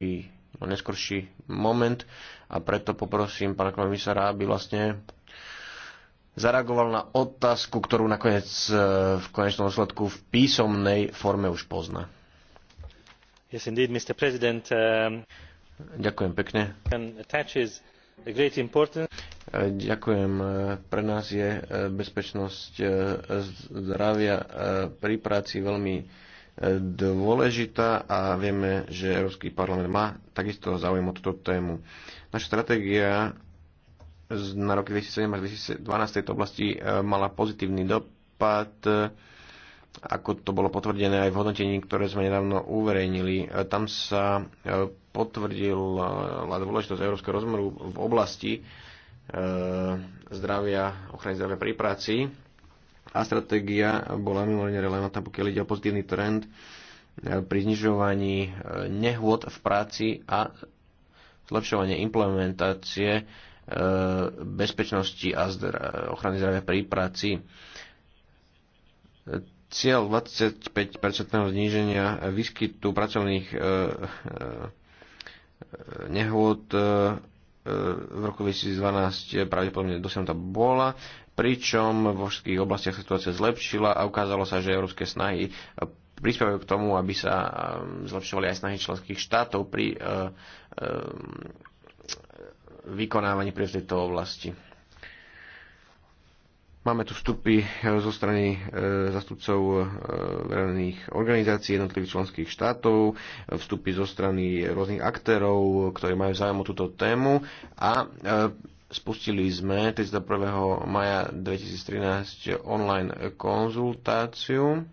No, neskorší moment a preto poprosím pána komisára, aby vlastne zareagoval na otázku, ktorú nakoniec e, v konečnom dôsledku v písomnej forme už pozná. Yes, indeed, Mr. President. Um, Ďakujem pekne. great importance. E, ďakujem. E, pre nás je bezpečnosť zdravia pri práci veľmi dôležitá a vieme, že Európsky parlament má takisto záujem o túto tému. Naša stratégia na roky 2007 až 2012 v tejto oblasti e, mala pozitívny dopad, ako to bolo potvrdené aj v hodnotení, ktoré sme nedávno uverejnili. E, tam sa e, potvrdila dôležitosť európskeho rozmeru v oblasti zdravia, ochrany zdravia pri práci a stratégia bola mimoriadne relevantná, pokiaľ ide o pozitívny trend e, pri znižovaní e, nehôd v práci a zlepšovanie implementácie e, bezpečnosti a ochrany zdravia pri práci. Cieľ 25 zníženia výskytu pracovných nehôd v roku 2012 pravdepodobne dosiahnutá bola pričom vo všetkých oblastiach situácia zlepšila a ukázalo sa, že európske snahy e, prispievajú k tomu, aby sa e, zlepšovali aj snahy členských štátov pri e, vykonávaní pri tejto oblasti. Máme tu vstupy zo strany zastupcov verejných organizácií jednotlivých členských štátov, vstupy zo strany rôznych aktérov, ktorí majú záujem o túto tému a Spustili sme 31. maja 2013 online konzultáciu.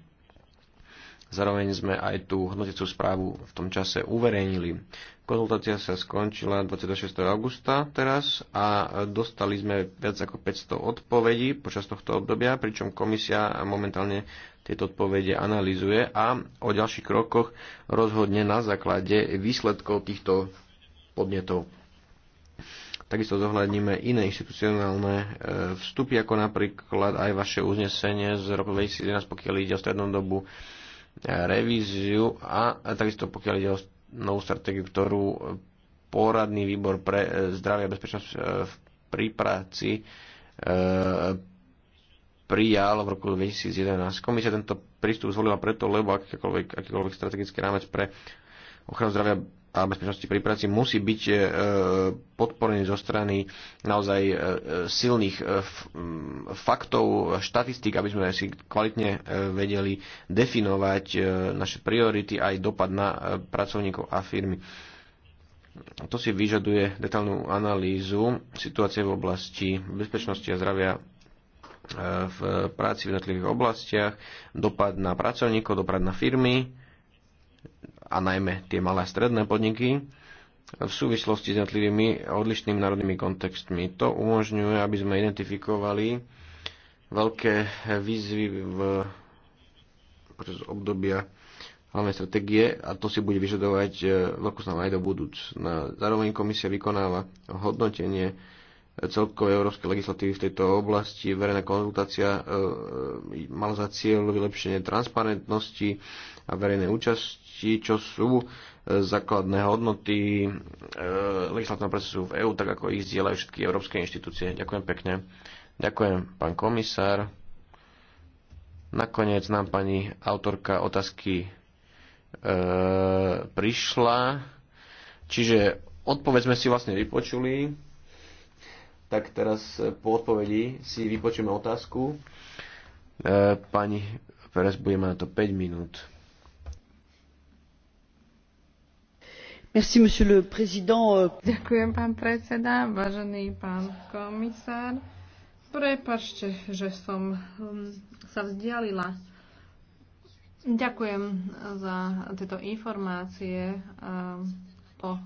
Zároveň sme aj tú hodnotiacú správu v tom čase uverejnili. Konzultácia sa skončila 26. augusta teraz a dostali sme viac ako 500 odpovedí počas tohto obdobia, pričom komisia momentálne tieto odpovede analizuje a o ďalších krokoch rozhodne na základe výsledkov týchto podnetov. Takisto zohľadníme iné institucionálne e, vstupy, ako napríklad aj vaše uznesenie z roku 2011, pokiaľ ide o strednú dobu e, revíziu a, takisto pokiaľ ide o novú stratégiu, ktorú poradný výbor pre e, zdravie a bezpečnosť pri práci prijal v roku 2011. Komisia tento prístup zvolila preto, lebo akýkoľvek, akýkoľvek strategický rámec pre ochranu zdravia a bezpečnosti pri práci musí byť e, podporený zo strany naozaj e, silných e, faktov, štatistík, aby sme si kvalitne vedeli definovať naše priority aj dopad na pracovníkov a firmy. To si vyžaduje detailnú analýzu situácie v oblasti bezpečnosti a zdravia v práci v jednotlivých oblastiach, dopad na pracovníkov, dopad na firmy, a najmä tie malé a stredné podniky v súvislosti s jednotlivými odlišnými národnými kontextmi. To umožňuje, aby sme identifikovali veľké výzvy v počas obdobia hlavnej stratégie a to si bude vyžadovať e, veľkú snahu aj do budúcna. Zároveň komisia vykonáva hodnotenie celkovej európskej legislatívy v tejto oblasti. Verejná konzultácia e, e, mala za cieľ vylepšenie transparentnosti a verejnej účasti oblasti, čo sú e, základné hodnoty e, legislatívneho procesu v EÚ, tak ako ich zdieľajú všetky európske inštitúcie. Ďakujem pekne. Ďakujem, pán komisár. Nakoniec nám pani autorka otázky e, prišla. Čiže odpoveď sme si vlastne vypočuli. Tak teraz po odpovedi si vypočujeme otázku. E, pani Perez bude na to 5 minút. monsieur le président. Ďakujem, pán predseda, vážený pán komisár. Prepačte, že som hm, sa vzdialila. Ďakujem za tieto informácie hm, po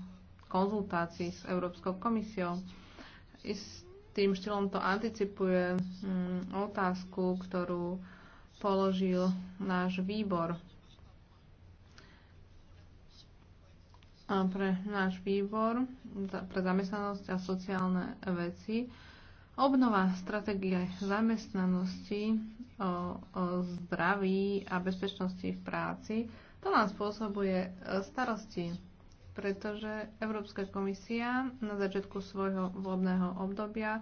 konzultácii s Európskou komisiou. I s tým štýlom to anticipuje hm, otázku, ktorú položil náš výbor pre náš výbor pre zamestnanosť a sociálne veci. Obnova stratégie zamestnanosti, o, o zdraví a bezpečnosti v práci, to nám spôsobuje e, starosti, pretože Európska komisia na začiatku svojho vodného obdobia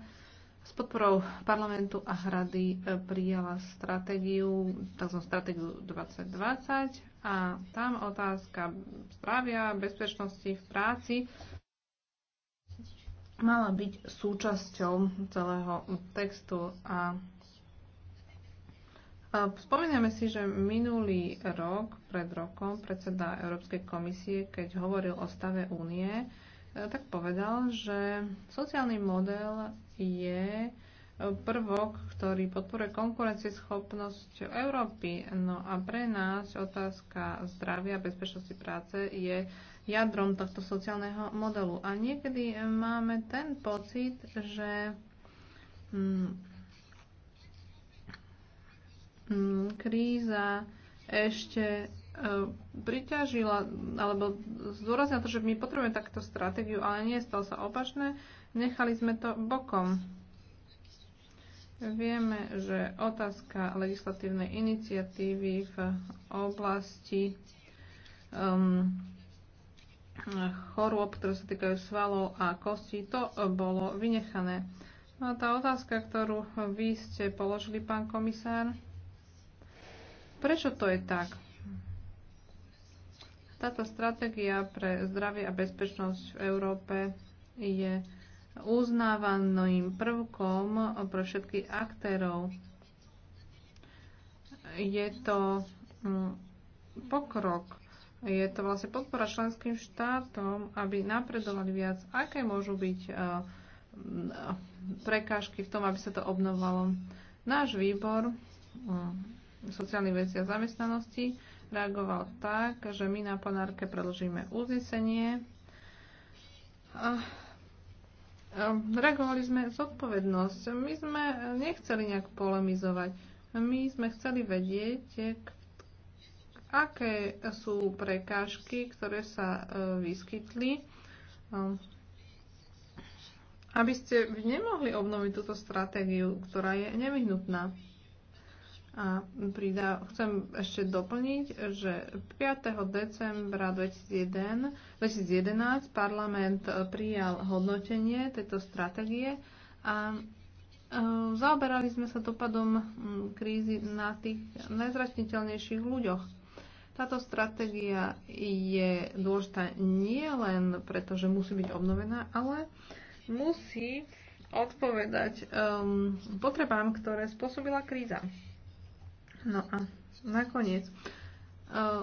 s podporou parlamentu a hrady e, prijala stratégiu, tzv. stratégiu 2020 a tam otázka zdravia, bezpečnosti v práci mala byť súčasťou celého textu. A Spomíname si, že minulý rok, pred rokom, predseda Európskej komisie, keď hovoril o stave únie, e, tak povedal, že sociálny model je prvok, ktorý podporuje konkurencieschopnosť Európy. No a pre nás otázka zdravia a bezpečnosti práce je jadrom tohto sociálneho modelu. A niekedy máme ten pocit, že mm, mm, kríza ešte e, priťažila, alebo zdôraznila to, že my potrebujeme takúto stratégiu, ale nie, stalo sa opačné, nechali sme to bokom. Vieme, že otázka legislatívnej iniciatívy v oblasti um, chorôb, ktoré sa týkajú svalov a kostí, to bolo vynechané. No a tá otázka, ktorú vy ste položili, pán komisár, prečo to je tak? Táto stratégia pre zdravie a bezpečnosť v Európe je uznávaným prvkom pre všetkých aktérov. Je to mm, pokrok, je to vlastne podpora členským štátom, aby napredovali viac. Aké môžu byť e, mm, prekážky v tom, aby sa to obnovalo? Náš výbor mm, sociálnych veci a zamestnanosti reagoval tak, že my na plenárke predložíme uznesenie. Ehm, reagovali sme zodpovednosť. My sme nechceli nejak polemizovať. My sme chceli vedieť, aké sú prekážky, ktoré sa e, vyskytli, ehm, aby ste nemohli obnoviť túto stratégiu, ktorá je nevyhnutná. A pridá, chcem ešte doplniť, že 5. decembra 2001, 2011 parlament e, prijal hodnotenie tejto stratégie a e, zaoberali sme sa dopadom krízy na tých najzračniteľnejších ľuďoch. Táto stratégia je dôležitá nie len preto, že musí byť obnovená, ale musí odpovedať um, potrebám, ktoré spôsobila kríza. No a nakoniec, uh,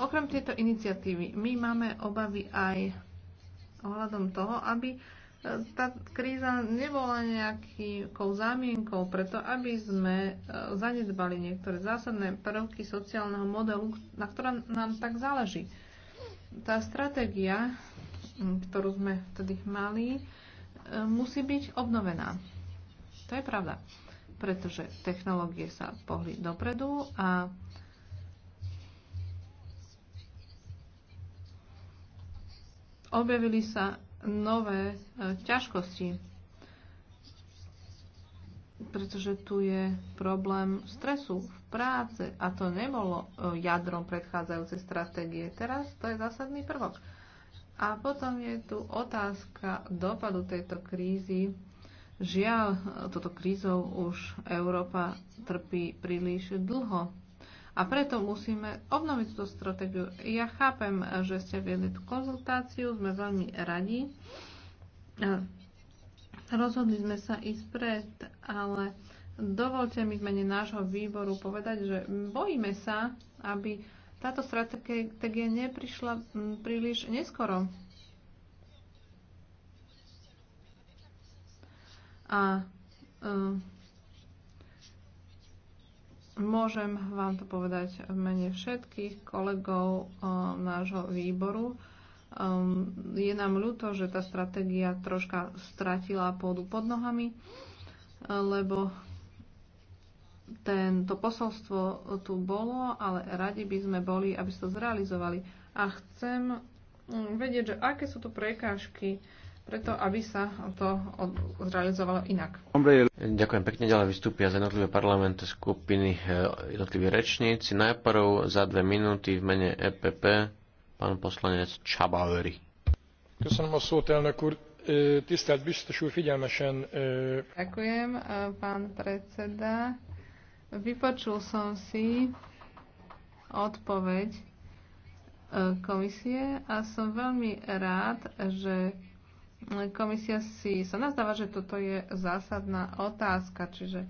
okrem tejto iniciatívy, my máme obavy aj ohľadom toho, aby eh, tá kríza nebola nejakou zámienkou preto, aby sme eh, zanedbali niektoré zásadné prvky sociálneho modelu, na ktorom nám tak záleží. Tá stratégia, ktorú sme vtedy mali, musí byť obnovená. To je pravda pretože technológie sa pohli dopredu a objavili sa nové e, ťažkosti, pretože tu je problém stresu v práce a to nebolo e, jadrom predchádzajúcej stratégie. Teraz to je zásadný prvok. A potom je tu otázka dopadu tejto krízy Žiaľ, toto krízou už Európa trpí príliš dlho. A preto musíme obnoviť túto stratégiu. Ja chápem, že ste viedli tú konzultáciu, sme veľmi radi. Rozhodli sme sa ísť pred, ale dovolte mi v mene nášho výboru povedať, že bojíme sa, aby táto stratégia neprišla príliš neskoro. A e, Môžem vám to povedať v mene všetkých kolegov uh, nášho výboru. Um, je nám ľúto, že tá stratégia troška stratila pôdu pod nohami, lebo tento posolstvo tu bolo, ale radi by sme boli, aby sa to zrealizovali. A chcem mm, vedieť, že aké sú tu prekážky preto aby sa to zrealizovalo inak. Ďakujem pekne, ďalej vystúpia z jednotlivé parlamentné skupiny eh, jednotliví rečníci. Najprv za dve minúty v mene EPP pán poslanec Čabavery. Eh, eh, Ďakujem, Ďakujem, pán predseda. Vypočul som si odpoveď komisie a som veľmi rád, že Komisia si sa nazdáva, že toto je zásadná otázka, čiže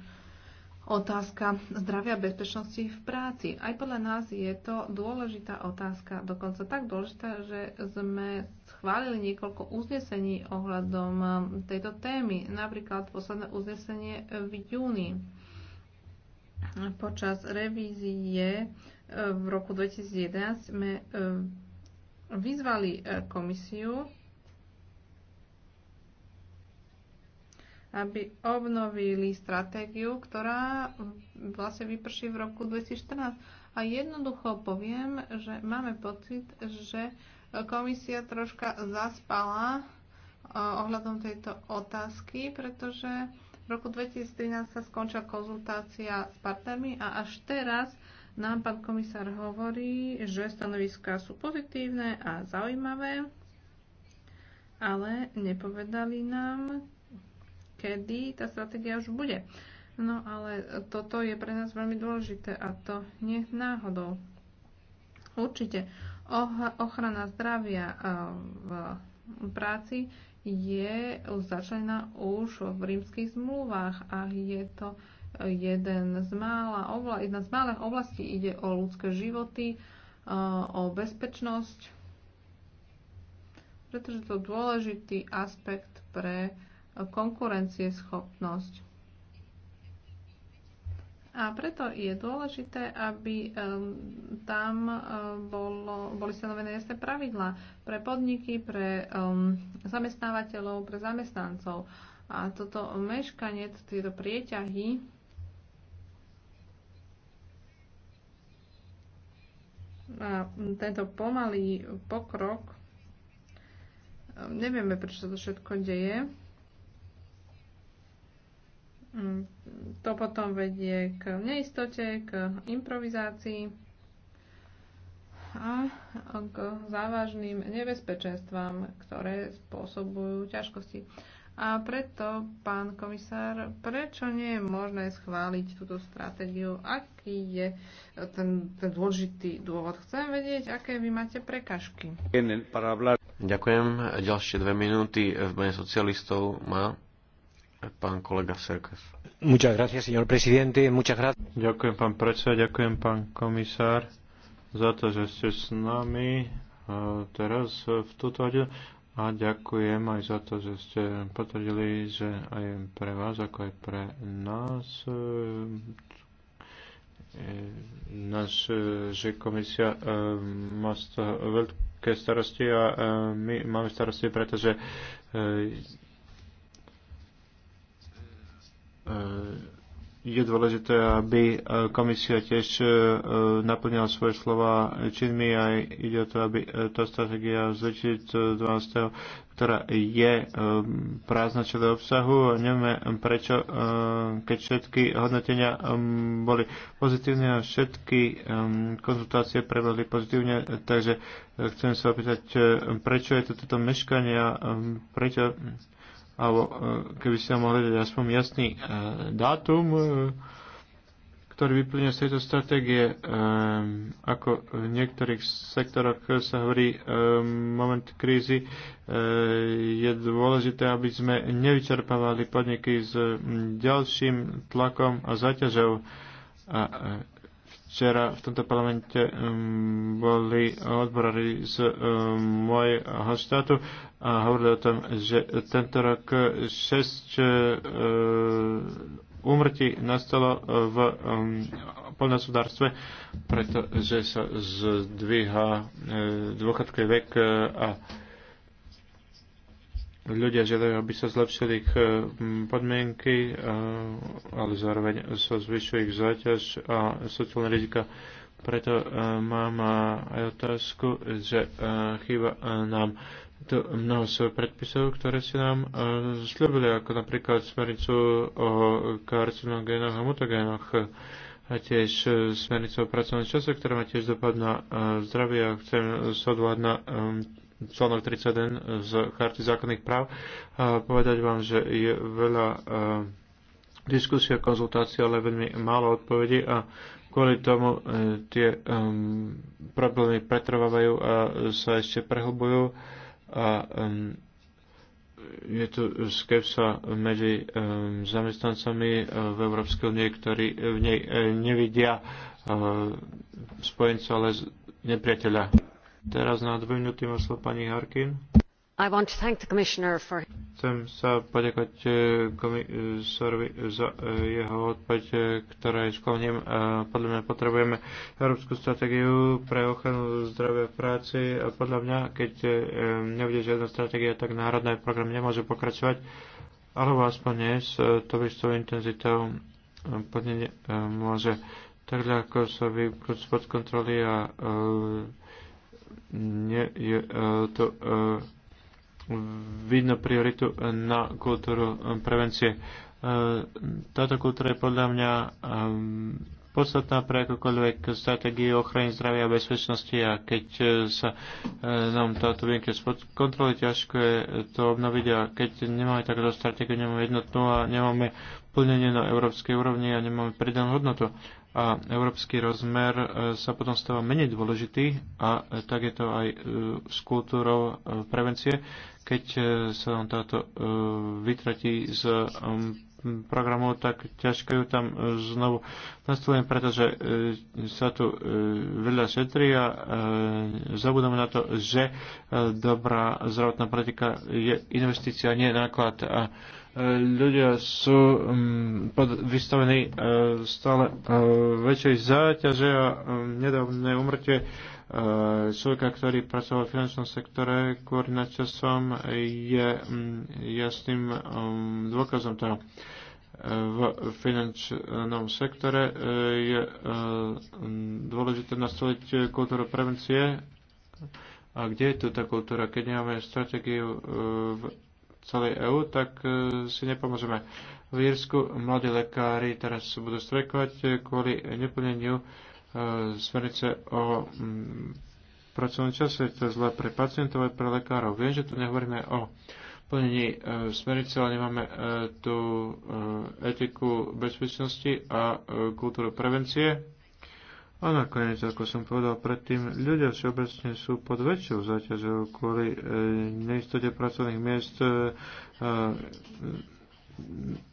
otázka zdravia a bezpečnosti v práci. Aj podľa nás je to dôležitá otázka, dokonca tak dôležitá, že sme schválili niekoľko uznesení ohľadom um, tejto témy, napríklad posledné uznesenie v júni počas revízie uh, v roku 2011 sme uh, vyzvali uh, komisiu aby obnovili stratégiu, ktorá vlastne vyprší v roku 2014. A jednoducho poviem, že máme pocit, že komisia troška zaspala e, ohľadom tejto otázky, pretože v roku 2013 sa skončila konzultácia s partnermi a až teraz nám pán komisár hovorí, že stanoviská sú pozitívne a zaujímavé, ale nepovedali nám, kedy tá stratégia už bude. No ale toto je pre nás veľmi dôležité a to nie náhodou. Určite ochrana zdravia v práci je začlená už v rímskych zmluvách a je to jeden z mála, obla, jedna z malých oblastí ide o ľudské životy, o bezpečnosť, pretože to je dôležitý aspekt pre konkurencieschopnosť. A preto je dôležité, aby tam bolo, boli stanovené jasné pravidlá pre podniky, pre zamestnávateľov, pre zamestnancov. A toto meškanie, tieto prieťahy a tento pomalý pokrok, nevieme, prečo sa to všetko deje, to potom vedie k neistote, k improvizácii a k závažným nebezpečenstvám, ktoré spôsobujú ťažkosti. A preto, pán komisár, prečo nie je možné schváliť túto stratégiu? Aký je ten, ten dôležitý dôvod? Chcem vedieť, aké vy máte prekažky. Ďakujem. Ďalšie dve minúty v mene socialistov má Pán kolega Serkas. Muchas gracias, señor presidente. Muchas gracias. Ďakujem, pán predseda, ďakujem, pán komisár, za to, že ste s nami teraz v túto hodinu. A ďakujem aj za to, že ste potvrdili, že aj pre vás, ako aj pre nás, e, e, náš, e, že komisia má z toho veľké starosti a my máme starosti, pretože E, je dôležité, aby e, komisia tiež e, naplnila svoje slova činmi a ide o to, aby tá stratégia z 2012, ktorá je prázdna čo do obsahu, nevieme prečo, keď všetky hodnotenia boli pozitívne a všetky konzultácie prebehli pozitívne, takže chcem sa opýtať, prečo je to toto meškanie a prečo alebo e, keby ste nám mohli dať aspoň jasný e, dátum, e, ktorý vyplňuje z tejto stratégie, ako v niektorých sektoroch sa hovorí moment krízy, je dôležité, aby sme nevyčerpávali podniky s ďalším tlakom a zaťažou. A Včera v tomto parlamente um, boli odborári z um, môjho štátu a hovorili o tom, že tento rok 6 uh, úmrtí nastalo v um, poľnohospodárstve, pretože sa zdvíha uh, dôchodkový vek uh, a ľudia žiadajú, aby sa zlepšili ich e, podmienky, e, ale zároveň sa zvyšuje ich záťaž a sociálne rizika. Preto e, mám aj otázku, že chýba nám to mnoho svojich predpisov, ktoré si nám slúbili, ako napríklad smernicu o karcinogénoch a mutagénoch a tiež smernicu o pracovnom čase, ktorá má tiež dopad na zdravie a chcem sa odvolať na článok 31 z Charty zákonných práv a povedať vám, že je veľa e, a konzultácie, ale veľmi málo odpovedí a kvôli tomu e, tie um, problémy pretrvávajú a sa ešte prehlbujú a um, je tu skepsa medzi um, zamestnancami v Európskej únie, ktorí v nej nevidia uh, spojenca, ale nepriateľa. Teraz na dve minúty má slovo pani Harkin. I want to thank the commissioner for... Chcem sa poďakovať eh, komisárovi eh, za eh, jeho odpoveď, ktorá je Podľa mňa potrebujeme európsku stratégiu pre ochranu zdravia v práci a podľa mňa, keď nebude žiadna stratégia, tak národný program nemôže pokračovať, alebo aspoň nie s to istou intenzitou plnenie môže. Takže ako sa vyprúť spod kontroly a nie je e, to e, vidno prioritu na kultúru e, prevencie. Táto kultúra je podľa mňa podstatná pre akúkoľvek stratégiu ochrany zdravia a bezpečnosti a keď sa nám táto vienka spod kontroly, ťažko je to obnoviť a keď nemáme takúto stratégiu, nemáme jednotnú a nemáme plnenie na európskej úrovni a nemáme pridanú hodnotu a európsky rozmer e, sa potom stáva menej dôležitý a e, tak je to aj e, s kultúrou prevencie, keď sa nám táto vytratí z programov, tak ťažko ju tam e, znovu nastavujem, pretože e, sa tu e, veľa šetrí a e, zabudáme na to, že e, dobrá zdravotná politika je investícia, nie náklad. A e, ľudia sú mm, pod vystavení e, stále väčšej záťaže a nedávne umrtie človeka, ktorý pracoval v finančnom sektore kvôli nadčasom, je mm, jasným mm, dôkazom toho v finančnom sektore e, je e, dôležité nastaviť kultúru prevencie. A kde je tu tá kultúra? Keď nemáme stratégiu e, v celej EÚ, tak si nepomôžeme. V Írsku mladí lekári teraz budú strekovať kvôli neplneniu smernice o mm, pracovnom čase. To je zle pre pacientov aj pre lekárov. Viem, že tu nehovoríme o plnení e, smernice, ale nemáme e, tú e, etiku bezpečnosti a kultúru prevencie. A nakoniec, ako som povedal predtým, ľudia všeobecne sú pod väčšou záťažou kvôli neistote pracovných miest,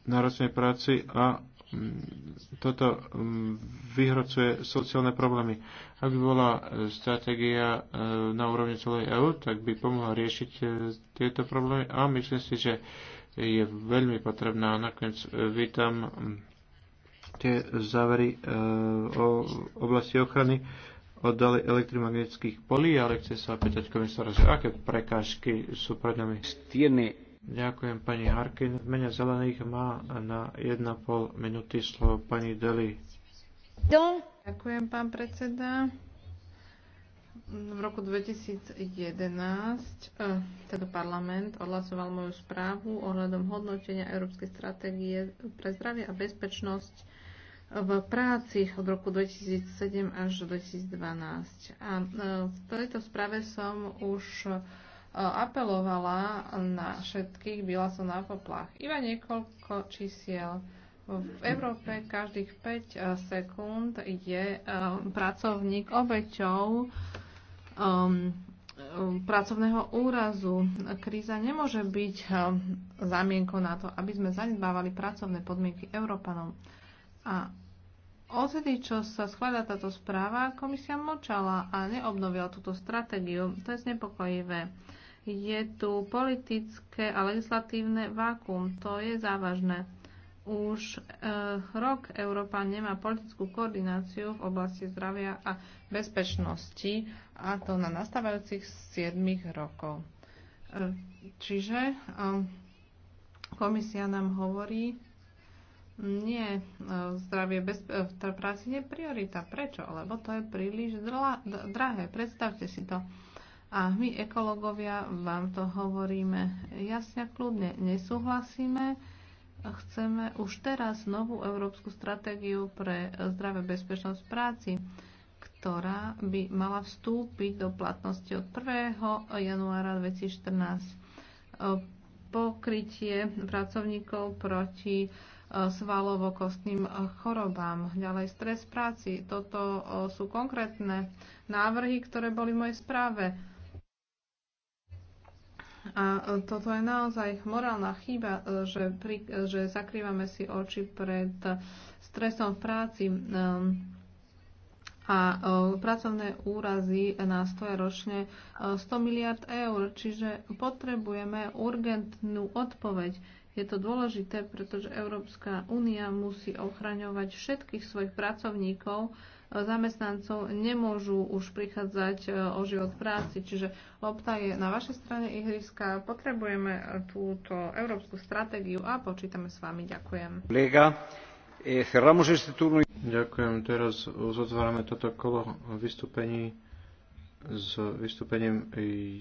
náročnej práci a Mm, toto mm, vyhrocuje sociálne problémy. Ak by bola e, stratégia e, na úrovni celej EÚ, tak by pomohla riešiť e, tieto problémy a myslím si, že je veľmi potrebná. Nakoniec vítam mm, tie závery o oblasti ochrany oddali elektromagnetických polí, ale chcem sa opýtať komisára, že aké prekážky sú pred nami. Ďakujem pani Harkin. V mene zelených má na 1,5 minúty slovo pani Deli. Ďakujem, pán predseda. V roku 2011 eh, teda parlament odhlasoval moju správu ohľadom hodnotenia Európskej stratégie pre zdravie a bezpečnosť eh, v práci od roku 2007 až 2012. A eh, v tejto správe som už apelovala na všetkých, byla som na poplach. Iba niekoľko čísiel. V Európe každých 5 eh, sekúnd je eh, pracovník obeťou ehm, eh, pracovného úrazu. Kríza nemôže byť zamienkou na to, aby sme zanedbávali pracovné podmienky Európanom. A odtedy, čo sa schváda táto správa, komisia močala a neobnovila túto stratégiu. To je znepokojivé je tu politické a legislatívne vákum. To je závažné. Už e, rok Európa nemá politickú koordináciu v oblasti zdravia a bezpečnosti a to na nastávajúcich 7 rokov. E, čiže e, komisia nám hovorí, nie, zdravie bez, v práci nie je priorita. Prečo? Lebo to je príliš drahé. Predstavte si to. E, a my, ekológovia, vám to hovoríme jasne, kľudne nesúhlasíme. Chceme už teraz novú európsku stratégiu pre zdravé bezpečnosť práci, ktorá by mala vstúpiť do platnosti od 1. januára 2014 pokrytie pracovníkov proti e, svalovokostným e, chorobám. Ďalej stres práci. Toto e, sú konkrétne návrhy, ktoré boli v mojej správe. A e, toto je naozaj morálna chyba, e, že, pri, e, že zakrývame si oči pred stresom v práci. Ehm, a pracovné úrazy na 100 ročne 100 miliard eur, čiže potrebujeme urgentnú odpoveď. Je to dôležité, pretože Európska únia musí ochraňovať všetkých svojich pracovníkov, zamestnancov nemôžu už prichádzať e, o život práci. Čiže lopta je na vašej strane ihriska. Potrebujeme túto európsku stratégiu a počítame s vami. Ďakujem. Liga. E, Ďakujem. Teraz uzatvárame toto kolo vystúpení s vystúpením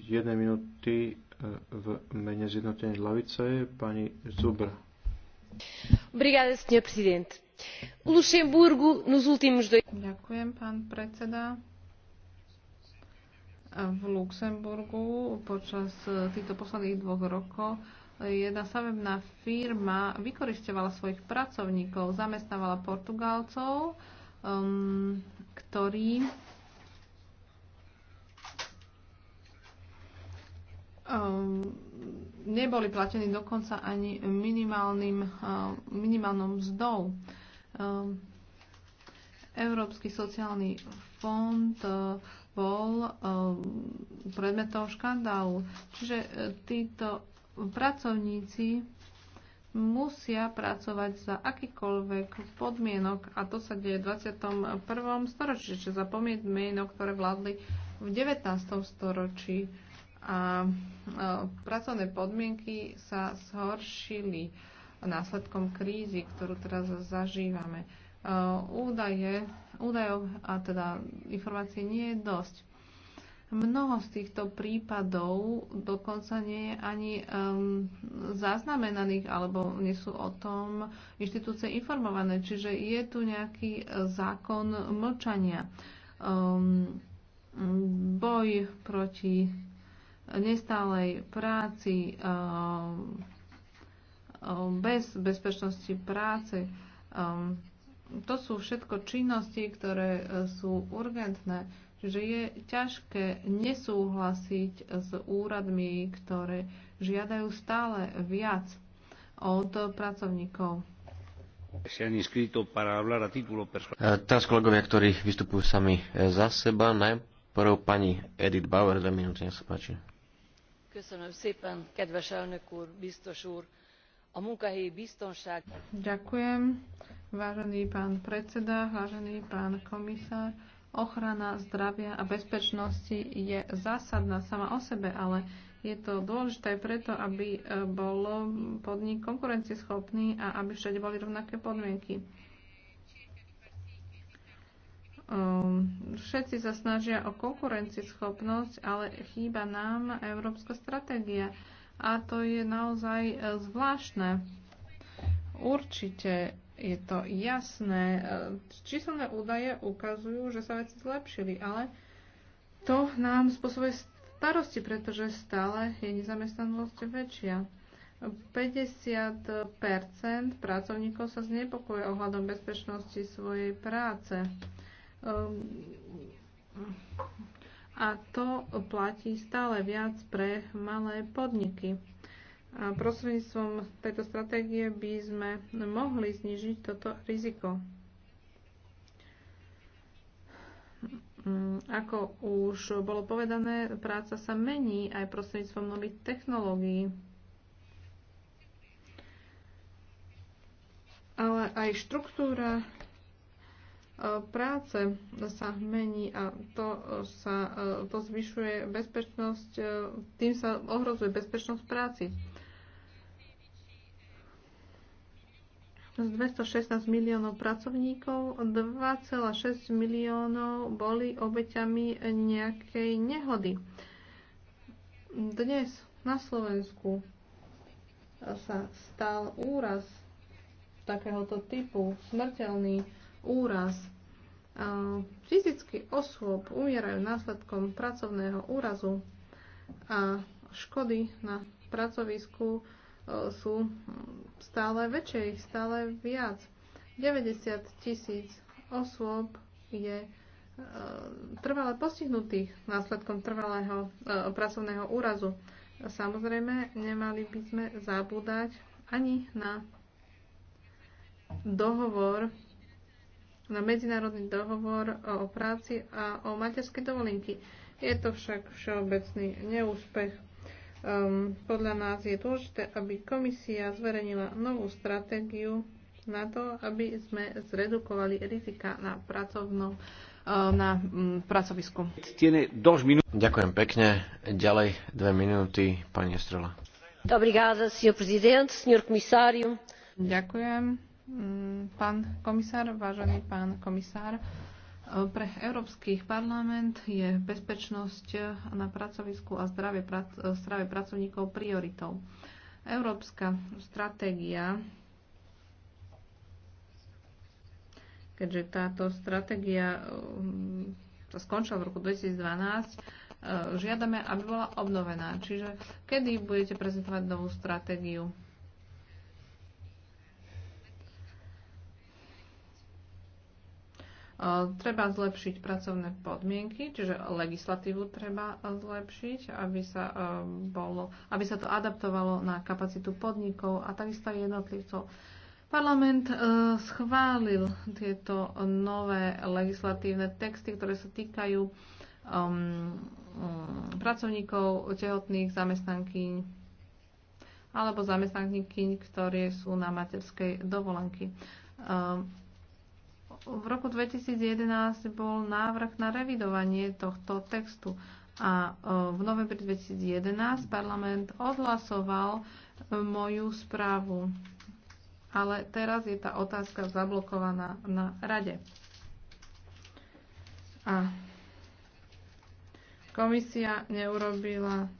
jednej minúty e, v mene zjednotenej hlavice pani Zubr. Obrigada, senhor presidente O Luxemburgo nos últimos dois... Ďakujem, pán predseda. V Luxemburgu počas eh, týchto posledných dvoch rokov eh, jedna stavebná firma vykoristovala svojich pracovníkov, zamestnávala Portugalcov, um, ktorí um, neboli platení dokonca ani minimálnym, um, minimálnou mzdou. Ehm, Európsky sociálny fond eh, bol eh, predmetom škandálu. Čiže eh, títo pracovníci musia pracovať za akýkoľvek podmienok a to sa deje v 21. storočí, čiže za podmienok, ktoré vládli v 19. storočí a pracovné podmienky sa zhoršili následkom krízy, ktorú teraz zažívame. E, údaje, údajov a teda informácie nie je dosť. Mnoho z týchto prípadov dokonca nie je ani um, zaznamenaných alebo nie sú o tom inštitúcie informované. Čiže je tu nejaký zákon mlčania. Um, boj proti nestálej práci, um, Um, bez bezpečnosti práce. Um, to sú všetko činnosti, ktoré e, sú urgentné, že je ťažké nesúhlasiť s úradmi, ktoré žiadajú stále viac od pracovníkov. E, teraz kolegovia, ktorí vystupujú sami e, za seba, najprv pani Edith Bauer, dve minúty, nech sa páči. Köszönöm szépen, kedves elnök úr, biztos úr! a munkahelyi biztonság. Ďakujem, vážený pán predseda, vážený pán komisár. Ochrana zdravia a bezpečnosti je zásadná sama o sebe, ale je to dôležité preto, aby e, bol podnik konkurencieschopný a aby všade boli rovnaké podmienky. Ehm, všetci sa snažia o konkurencieschopnosť, ale chýba nám európska stratégia a to je naozaj e, zvláštne. Určite je to jasné. E, číselné údaje ukazujú, že sa veci zlepšili, ale to nám spôsobuje starosti, pretože stále je nezamestnanosť väčšia. 50 pracovníkov sa znepokoje ohľadom bezpečnosti svojej práce. Ehm, a to platí stále viac pre malé podniky. A prostredníctvom tejto stratégie by sme mohli znižiť toto riziko. Mm, ako už bolo povedané, práca sa mení aj prostredníctvom nových technológií. Ale aj štruktúra Eh, práce sa mení a to, eh, sa, eh, to zvyšuje bezpečnosť, tým sa ohrozuje bezpečnosť práci. Z 216 miliónov pracovníkov 2,6 miliónov boli obeťami nejakej nehody. Dnes na Slovensku sa stal úraz takéhoto typu, smrteľný, úraz. Fyzicky osôb umierajú následkom pracovného úrazu a škody na pracovisku e, sú stále väčšie, ich stále viac. 90 tisíc osôb je e, trvale postihnutých následkom trvalého e, pracovného úrazu. Samozrejme, nemali by sme zabúdať ani na dohovor na medzinárodný dohovor o práci a o materskej dovolenky. Je to však všeobecný neúspech. Um, podľa nás je dôležité, aby komisia zverejnila novú stratégiu na to, aby sme zredukovali rizika na pracovnom e, na pracovisku. Ďakujem pekne. Ďalej dve minúty, pani Estrela. gáza, senhor prezident, senhor komisárium. Ďakujem Mm, pán komisár, vážený pán komisár, e, pre Európsky parlament je bezpečnosť na pracovisku a zdravie, e, zdravie pracovníkov prioritou. Európska stratégia, keďže táto stratégia e, sa skončila v roku 2012, žiadame, aby bola obnovená. Čiže kedy budete prezentovať novú stratégiu? E, treba zlepšiť pracovné podmienky, čiže legislatívu treba zlepšiť, aby sa, e, bolo, aby sa to adaptovalo na kapacitu podnikov a takisto aj jednotlivcov. Parlament e, schválil tieto nové legislatívne texty, ktoré sa týkajú um, um, pracovníkov, tehotných zamestnankyň alebo zamestnankyň, ktoré sú na materskej dovolenky. Um, v roku 2011 bol návrh na revidovanie tohto textu a e, v novembri 2011 parlament odhlasoval e, moju správu. Ale teraz je tá otázka zablokovaná na rade. A komisia neurobila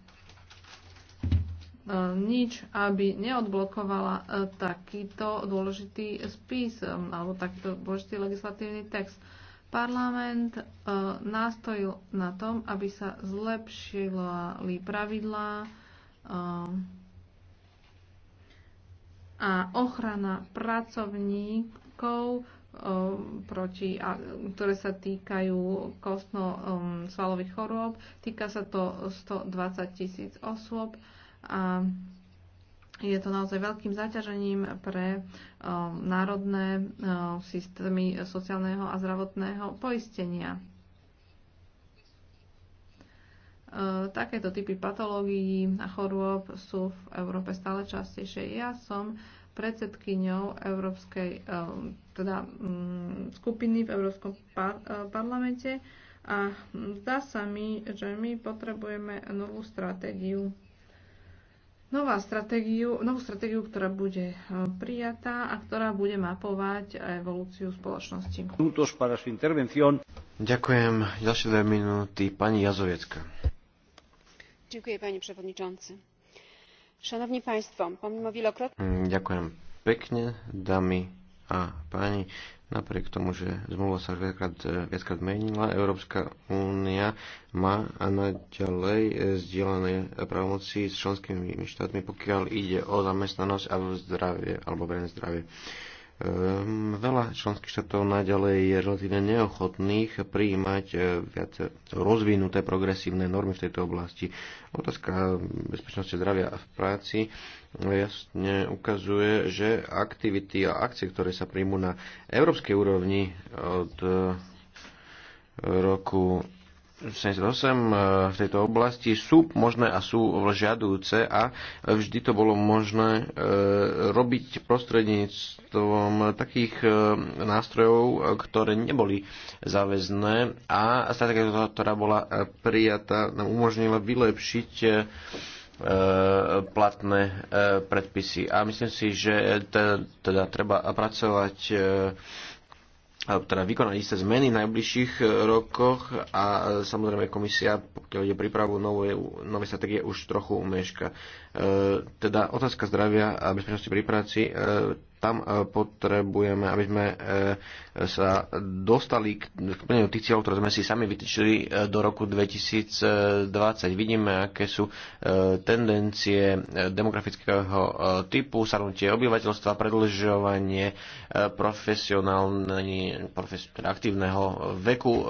nič, aby neodblokovala e, takýto dôležitý spis e, alebo takýto dôležitý legislatívny text. Parlament e, nástojil na tom, aby sa zlepšili pravidlá a ochrana pracovníkov proti, a, ktoré sa týkajú kostno-svalových chorôb. Týka sa to 120 tisíc osôb a je to naozaj veľkým zaťažením pre um, národné um, systémy sociálneho a zdravotného poistenia. Uh, takéto typy patológií a chorôb sú v Európe stále častejšie. Ja som predsedkyňou Európskej um, teda, um, skupiny v Európskom par- uh, parlamente a hm, zdá sa mi, že my potrebujeme novú stratégiu nová stratégiu, novú stratégiu, ktorá bude e, prijatá a ktorá bude mapovať evolúciu spoločnosti. Ďakujem. Ďalšie dve minúty. Pani Jazoviecka. Ďakujem, pani przewodniczący. Szanowni Państwo, pomimo wielokrotnych... Mm, ďakujem pekne, dámy a páni. Napriek tomu, že zmluva sa viackrát, e, viackrát menila, Európska únia má a naďalej e, zdieľané právomoci s členskými štátmi, pokiaľ ide o zamestnanosť a zdravie, alebo verejné zdravie. Ehm, veľa členských štátov naďalej je relatívne neochotných prijímať e, viac rozvinuté progresívne normy v tejto oblasti. Otázka bezpečnosti zdravia v práci e, jasne ukazuje, že aktivity a akcie, ktoré sa príjmú na európskej úrovni od e, roku 68 e, v tejto oblasti sú možné a sú žiadúce a vždy to bolo možné e, robiť prostredníctvom takých e, nástrojov, ktoré neboli záväzné a stratégia, ktorá bola prijatá, nám umožnila vylepšiť platné predpisy. A myslím si, že teda treba pracovať teda vykonať isté zmeny v najbližších e, rokoch a e, samozrejme komisia, pokiaľ ide prípravu novej, e, novej stratégie, už trochu meška. E, teda otázka zdravia a bezpečnosti pri práci, e, tam e, potrebujeme, aby sme e, sa dostali k plneniu tých cieľov, ktoré sme si sami vytýčili e, do roku 2020. Vidíme, aké sú tendencie demografického typu, sarnutie obyvateľstva, predlžovanie profesionálne, profes, teda aktívneho veku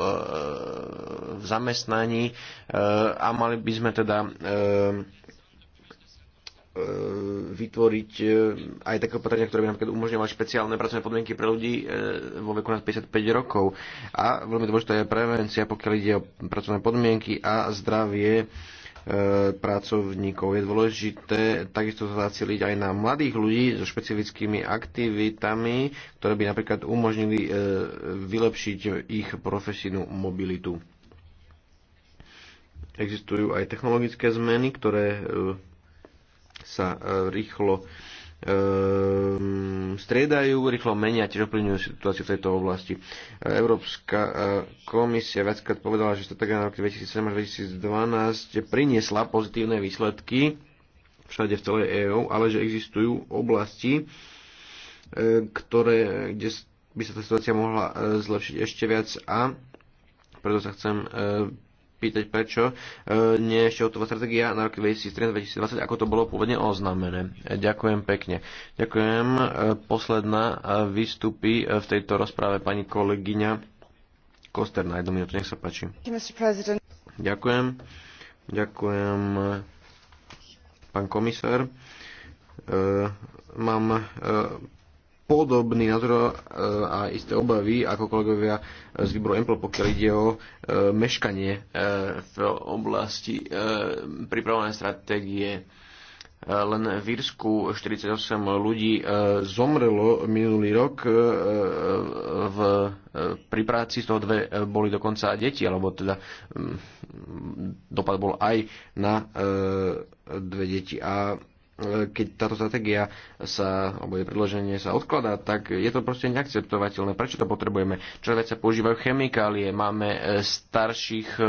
v zamestnaní a mali by sme teda E, vytvoriť e, aj také opatrenia, ktoré by napríklad umožňovali špeciálne pracovné podmienky pre ľudí e, vo veku nad 55 rokov. A veľmi dôležitá je prevencia, pokiaľ ide o pracovné podmienky a zdravie pracovníkov. Je dôležité takisto zacieliť aj na mladých ľudí so špecifickými aktivitami, ktoré by napríklad umožnili vylepšiť ich profesijnú mobilitu. Existujú aj technologické zmeny, ktoré sa e, rýchlo e, striedajú, rýchlo menia a tiež ovplyvňujú situáciu v tejto oblasti. E, Európska komisia viackrát povedala, že strategia na roky 2007-2012 až priniesla pozitívne výsledky všade v celej EÚ, ale že existujú oblasti, ktoré, kde by sa tá situácia mohla zlepšiť ešte viac a preto sa chcem pýtať, prečo e, nie je ešte hotová stratégia na rok 2020 ako to bolo pôvodne oznámené. E, ďakujem pekne. Ďakujem. E, Posledná e, výstupy e, v tejto rozprave pani kolegyňa Koster na jednu minútu. Nech sa páči. Ďakujem. Ďakujem, pán komisár. E, Mám e, podobný názor e, a isté obavy ako kolegovia e, z výboru EMPL, pokiaľ ide o e, meškanie v oblasti pripravovanej stratégie. Len v Írsku 48 ľudí zomrelo minulý rok v, pri práci, z toho dve boli dokonca deti, alebo teda mm, dopad bol aj na dve deti. A keď táto stratégia sa, alebo je predloženie sa odkladá, tak je to proste neakceptovateľné. Prečo to potrebujeme? Čo viac sa používajú chemikálie, máme e, starších e,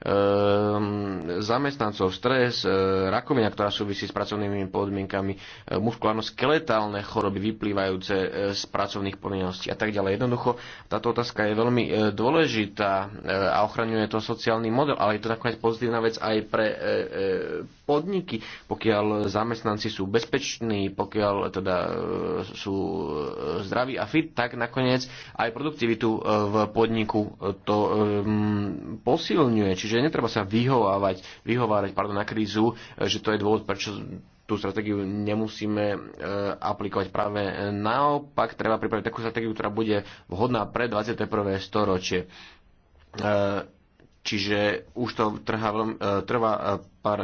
Ehm, zamestnancov, stres, e, rakovina, ktorá súvisí s pracovnými podmienkami, e, muskulárno-skeletálne choroby vyplývajúce e, z pracovných povinností a tak ďalej. Jednoducho, táto otázka je veľmi dôležitá a ochraňuje to sociálny model, ale je to nakoniec pozitívna vec aj pre podniky, pokiaľ zamestnanci sú bezpeční, pokiaľ teda sú zdraví a fit, tak nakoniec aj produktivitu v podniku to posilňuje. Čiže Čiže netreba sa vyhovávať, vyhovárať pardon, na krízu, e, že to je dôvod, prečo tú stratégiu nemusíme e, aplikovať. Práve naopak, treba pripraviť takú stratégiu, ktorá bude vhodná pre 21. storočie. E, čiže už to trhá, trvá pár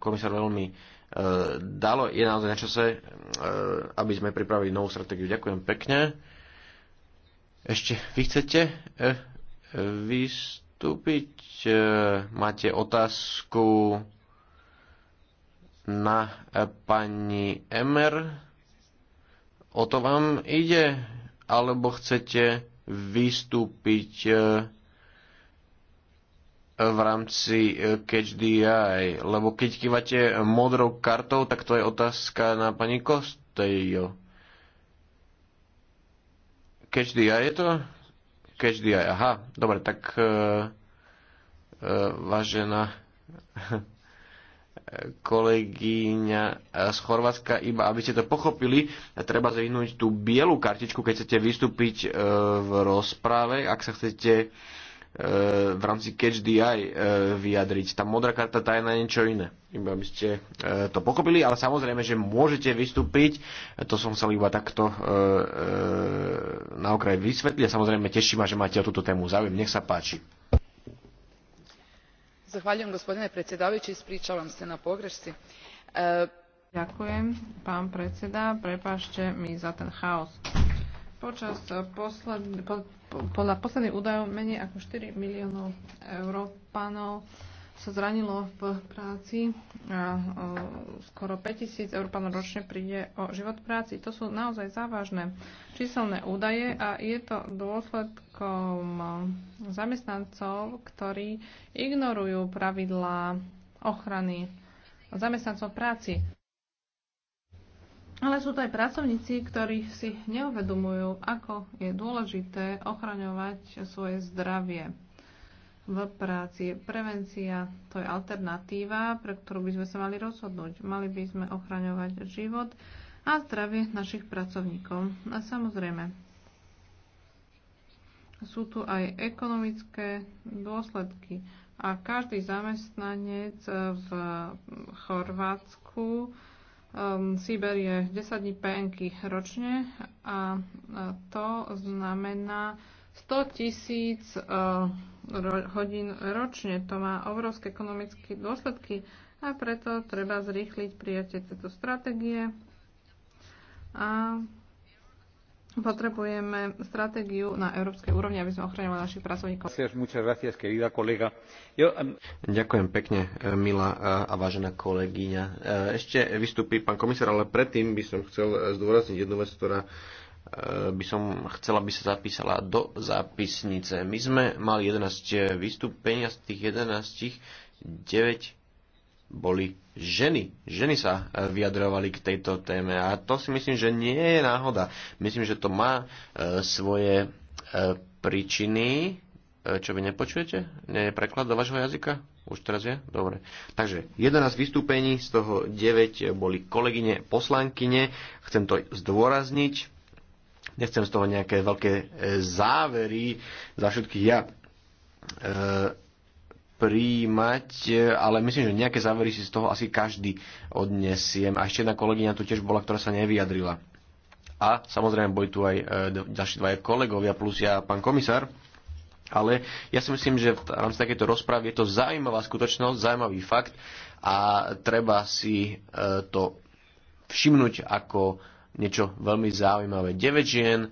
komisár veľmi dalo, je naozaj na čase, aby sme pripravili novú stratégiu. Ďakujem pekne. Ešte vy chcete vystúpiť? vstúpiť, e, Máte otázku na e, pani Emer. O to vám ide? Alebo chcete vystúpiť e, v rámci Catch the Eye? Lebo keď kývate modrou kartou, tak to je otázka na pani Kostejo. Catch the Eye je to? každý aj, aha, dobre, tak uh, uh, vážená kolegyňa z Chorvátska, iba aby ste to pochopili, treba zvinúť tú bielu kartičku, keď chcete vystúpiť uh, v rozprave, ak sa chcete v rámci Catch the Eye e, vyjadriť. Tá modrá karta tá je na niečo iné. Iba aby ste e, to pochopili, ale samozrejme, že môžete vystúpiť. To som chcel iba takto e, na okraj vysvetliť. A samozrejme, teší ma, že máte o túto tému záujem. Nech sa páči. Zahvaľujem, gospodine predsedavíči, ispričavam ste na pogrešci. Ďakujem, pán predseda, prepašte mi za ten chaos. Počas posled, podľa posledných údajov menej ako 4 miliónov Európanov sa zranilo v práci a o, skoro 5000 Európanov ročne príde o život v práci. To sú naozaj závažné číselné údaje a je to dôsledkom zamestnancov, ktorí ignorujú pravidlá ochrany zamestnancov práci. Ale sú to aj pracovníci, ktorí si neuvedomujú, ako je dôležité ochraňovať svoje zdravie v práci. Prevencia to je alternatíva, pre ktorú by sme sa mali rozhodnúť. Mali by sme ochraňovať život a zdravie našich pracovníkov. A samozrejme, sú tu aj ekonomické dôsledky. A každý zamestnanec v Chorvátsku Um, ehm, Siber je 10 dní PNK ročne a to znamená 100 tisíc uh, hodín ročne. To má obrovské ekonomické dôsledky a preto treba zrýchliť prijatie tejto stratégie a Potrebujeme stratégiu na európskej úrovni, aby sme ochraňovali našich pracovníkov. Ďakujem pekne, eh, milá eh, a vážená kolegyňa. Eh, ešte vystupí pán komisár, ale predtým by som chcel zdôrazniť jednu vec, ktorá by som chcela, aby sa zapísala do zápisnice. My sme mali 11 vystúpení a z tých 11 9 boli ženy. Ženy sa e, vyjadrovali k tejto téme a to si myslím, že nie je náhoda. Myslím, že to má e, svoje e, príčiny. E, čo vy nepočujete? Nie je preklad do vašho jazyka? Už teraz je? Dobre. Takže 11 vystúpení, z toho 9 boli kolegyne poslankyne. Chcem to zdôrazniť. Nechcem z toho nejaké veľké e, závery za všetkých ja. E, príjmať, ale myslím, že nejaké závery si z toho asi každý odnesiem. A ešte jedna kolegyňa tu tiež bola, ktorá sa nevyjadrila. A samozrejme boli tu aj e, ďalší dvaja kolegovia, plus ja pán komisár. Ale ja si myslím, že v rámci takéto rozprávy je to zaujímavá skutočnosť, zaujímavý fakt a treba si e, to všimnúť ako niečo veľmi zaujímavé. 9 žien,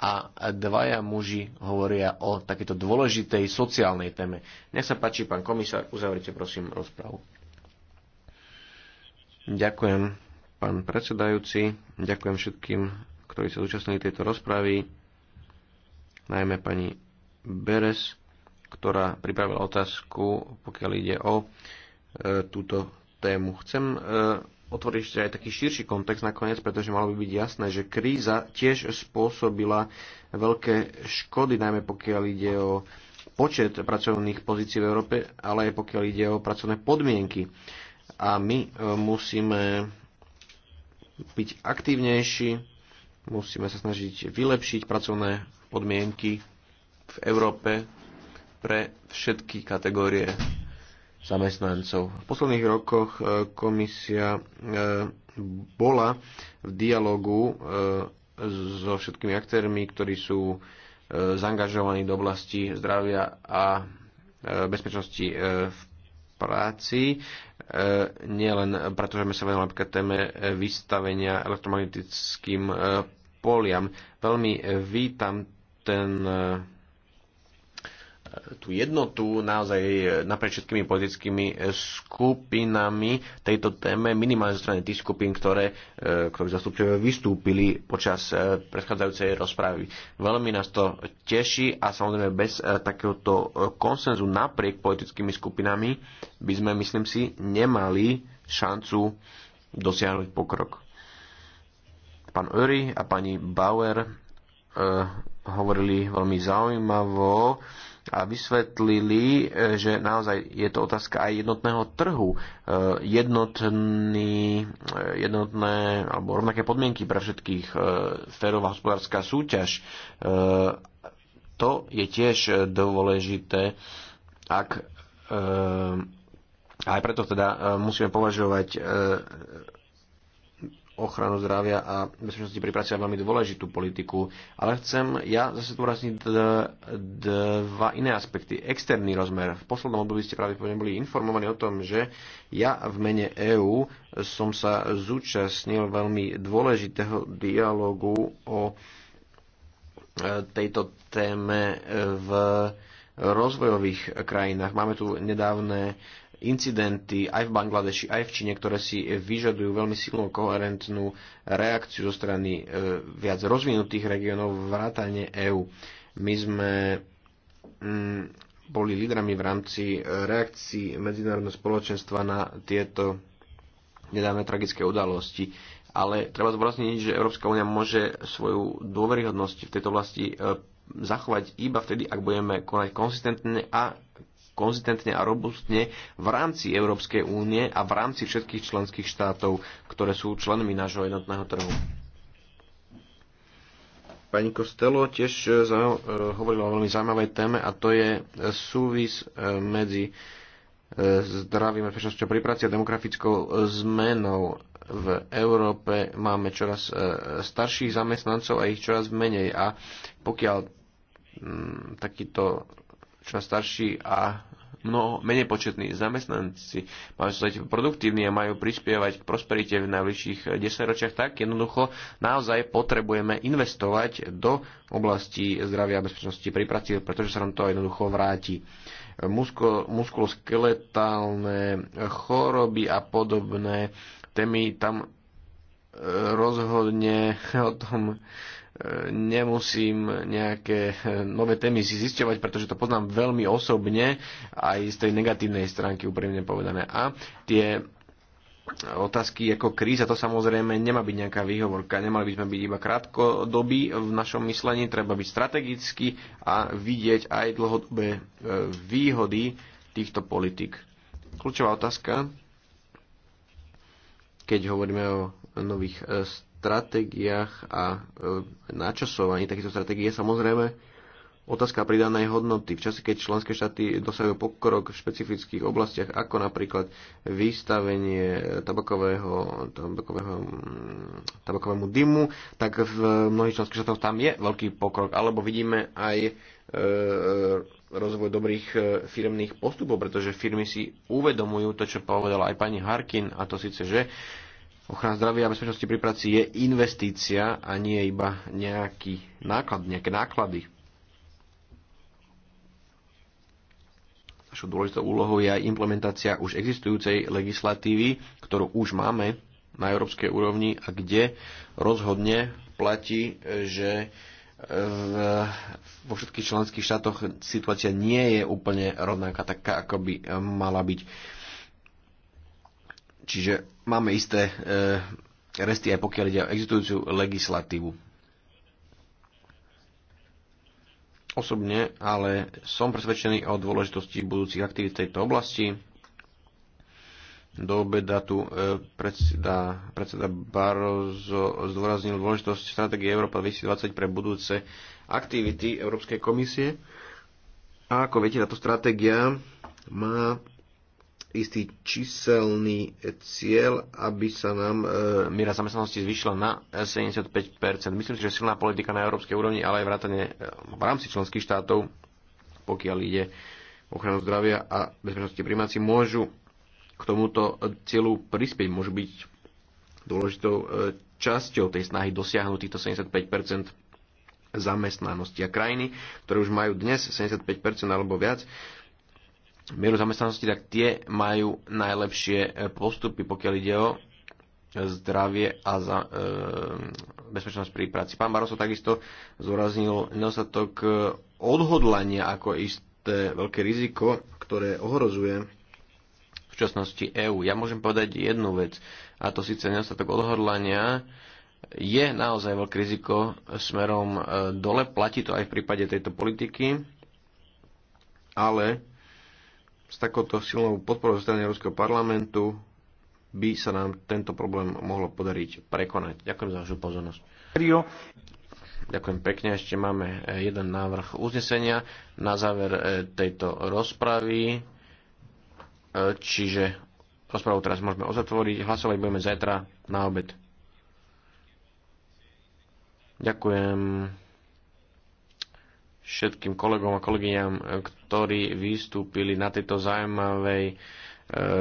a dvaja muži hovoria o takéto dôležitej sociálnej téme. Nech sa páči, pán komisár, uzavrite prosím rozprávu. Ďakujem, pán predsedajúci. Ďakujem všetkým, ktorí sa zúčastnili tejto rozpravy, najmä pani Beres, ktorá pripravila otázku, pokiaľ ide o e, túto tému. Chcem e, otvoriť ešte aj taký širší kontext nakoniec, pretože malo by byť jasné, že kríza tiež spôsobila veľké škody, najmä pokiaľ ide o počet pracovných pozícií v Európe, ale aj pokiaľ ide o pracovné podmienky. A my e, musíme byť aktívnejší, musíme sa snažiť vylepšiť pracovné podmienky v Európe pre všetky kategórie zamestnancov. V posledných rokoch e, komisia e, bola v dialogu e, so všetkými aktérmi, ktorí sú zaangažovaní do oblasti zdravia a bezpečnosti v práci, nielen preto, že sme sa venovali napríklad téme vystavenia elektromagnetickým poliam. Veľmi vítam ten tú jednotu naozaj e, napriek všetkými politickými e, skupinami tejto téme, minimálne zo strany tých skupín, ktoré, e, ktorí zastupčovia vystúpili počas predchádzajúcej rozpravy. Veľmi nás to teší a samozrejme bez takéhoto konsenzu napriek politickými skupinami by sme, myslím si, nemali šancu dosiahnuť pokrok. Pán Öri a pani Bauer hovorili veľmi zaujímavo a vysvetlili, e, že naozaj je to otázka aj jednotného trhu. E, jednotný, e, jednotné alebo rovnaké podmienky pre všetkých, férová hospodárska súťaž, to je tiež dôležité, ak aj preto teda musíme považovať ochranu zdravia a bezpečnosti pri práci a veľmi dôležitú politiku. Ale chcem ja zase tu dva iné aspekty. Externý rozmer. V poslednom období ste pravdepodobne boli informovaní o tom, že ja v mene EÚ som sa zúčastnil veľmi dôležitého dialogu o e, tejto téme v rozvojových krajinách. Máme tu nedávne incidenty aj v Bangladeši, aj v Číne, ktoré si vyžadujú veľmi silnú koherentnú reakciu zo strany e, viac rozvinutých regiónov vrátane EÚ. My sme mm, boli lídrami v rámci e, reakcií medzinárodného spoločenstva na tieto nedávne tragické udalosti. Ale treba zdôrazniť, že Európska únia môže svoju dôveryhodnosť v tejto oblasti e, zachovať iba vtedy, ak budeme konať konsistentne a konzistentne a robustne v rámci Európskej únie a v rámci všetkých členských štátov, ktoré sú členmi nášho jednotného trhu. Pani Kostelo tiež e, e, hovorila o veľmi zaujímavej téme a to je súvis e, medzi zdravím, bezpečnosťou pri práci a demografickou zmenou. V Európe máme čoraz starších zamestnancov a ich čoraz menej a pokiaľ takýto čoraz starší a mnoho menej početní zamestnanci majú sa produktívni a majú prispievať k prosperite v najbližších desaťročiach, tak jednoducho naozaj potrebujeme investovať do oblasti zdravia a bezpečnosti pri práci, pretože sa nám to jednoducho vráti. Musko, muskuloskeletálne choroby a podobné témy tam e, rozhodne o tom nemusím nejaké eh, nové témy si zisťovať, pretože to poznám veľmi osobne aj z tej negatívnej stránky úprimne povedané. A tie otázky ako kríza, to samozrejme nemá byť nejaká výhovorka. Nemali by sme byť iba krátkodobí v našom myslení, treba byť strategicky a vidieť aj dlhodobé eh, výhody týchto politik. Kľúčová otázka, keď hovoríme o nových eh, stratégiách a e, načasovaní takýchto stratégií je samozrejme otázka pridanej hodnoty. V čase, keď členské štáty dosahujú pokrok v špecifických oblastiach, ako napríklad vystavenie tabakového, tabakového, mm, tabakovému dymu, tak v mnohých členských štátoch tam je veľký pokrok. Alebo vidíme aj e, e, rozvoj dobrých firmných postupov, pretože firmy si uvedomujú to, čo povedala aj pani Harkin, a to síce, že Ochrana zdravia a bezpečnosti pri práci je investícia a nie iba nejaký náklad, nejaké náklady. Našou dôležitou úlohou je aj implementácia už existujúcej legislatívy, ktorú už máme na európskej úrovni a kde rozhodne platí, že e, v, vo všetkých členských štátoch situácia nie je úplne rovnaká taká, ako by mala byť Čiže máme isté e, resty aj pokiaľ ide o existujúcu legislatívu. Osobne ale som presvedčený o dôležitosti budúcich aktivít v tejto oblasti. Do obeda tu e, predseda, predseda Barozo zdôraznil dôležitosť stratégie Európa 2020 pre budúce aktivity Európskej komisie. A ako viete, táto stratégia má istý číselný cieľ, aby sa nám e, miera zamestnanosti zvýšila na 75%. Myslím si, že silná politika na európskej úrovni, ale aj vrátane e, v rámci členských štátov, pokiaľ ide ochranu zdravia a bezpečnosti primáci, môžu k tomuto cieľu prispieť, môžu byť dôležitou e, časťou tej snahy dosiahnuť týchto 75% zamestnanosti. A krajiny, ktoré už majú dnes 75% alebo viac, mieru zamestnanosti, tak tie majú najlepšie e, postupy, pokiaľ ide o zdravie a za, e, bezpečnosť pri práci. Pán Baroso takisto zúraznil nedostatok e, odhodlania ako isté veľké riziko, ktoré ohrozuje v časnosti EÚ. Ja môžem povedať jednu vec, a to síce nedostatok odhodlania je naozaj veľké riziko smerom e, dole, platí to aj v prípade tejto politiky, ale s takouto silnou podporou zo strany Európskeho parlamentu by sa nám tento problém mohlo podariť prekonať. Ďakujem za vašu pozornosť. Ďakujem pekne, ešte máme e, jeden návrh uznesenia na záver e, tejto rozpravy. E, čiže rozpravu teraz môžeme ozatvoriť, hlasovať budeme zajtra na obed. Ďakujem všetkým kolegom a kolegyňam, e, ktorí vystúpili na tejto zaujímavej e,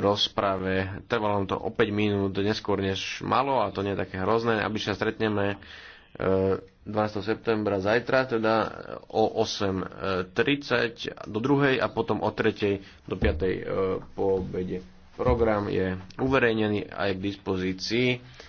rozprave. Trvalo nám to o 5 minút, neskôr než malo, a to nie je také hrozné. Aby sa stretneme 12. E, septembra zajtra, teda o 8.30 do 2. a potom o 3. do 5. po obede. Program je uverejnený aj k dispozícii.